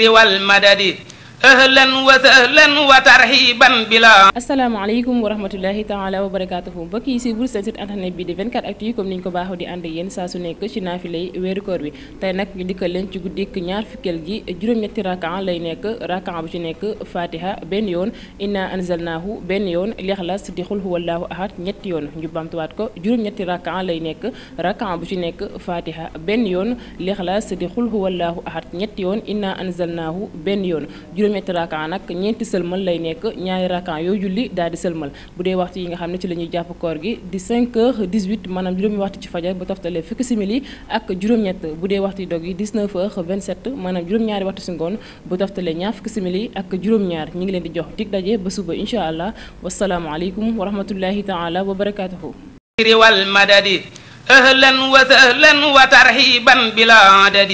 wal madadi ahlan wa sahlan wa tarhiban bila asalaamaaleykum wa rahmatullahi taala wa barakaatuhu mbokk yi si bur seen site internet bi di 24 actu yi comme ni ñu ko baaxoo di ànd yéen saa su nekk ci naafilay weeru koor bi tey nag ñu dikkal leen ci guddik ñaar fukkeel gi juróom-ñetti rakan lay nekk raka bu ci nekk fatiha benn yoon inna anzalnaahu benn yoon lixlas di xul huwallaahu ahad ñetti yoon ñu bamtuwaat ko juróom-ñetti rakan lay nekk rakan bu ci nekk fatiha benn yoon lixlas di xul huwallaahu ahad ñetti yoon inna anzalnaahu benn yoon premier rakan nag ñeenti sëlmal lay nekk ñaari rakan yoo julli daal sëlmal bu waxtu yi nga xam ne ci la jàpp koor gi di 5 heures 18 maanaam waxtu ci fajar bu taftalee fukki simili ak juróom ñaar fukki di jox dig daje ba suba incha allah wasalaamualeykum wa rahmatullahi taala wa riwal madadi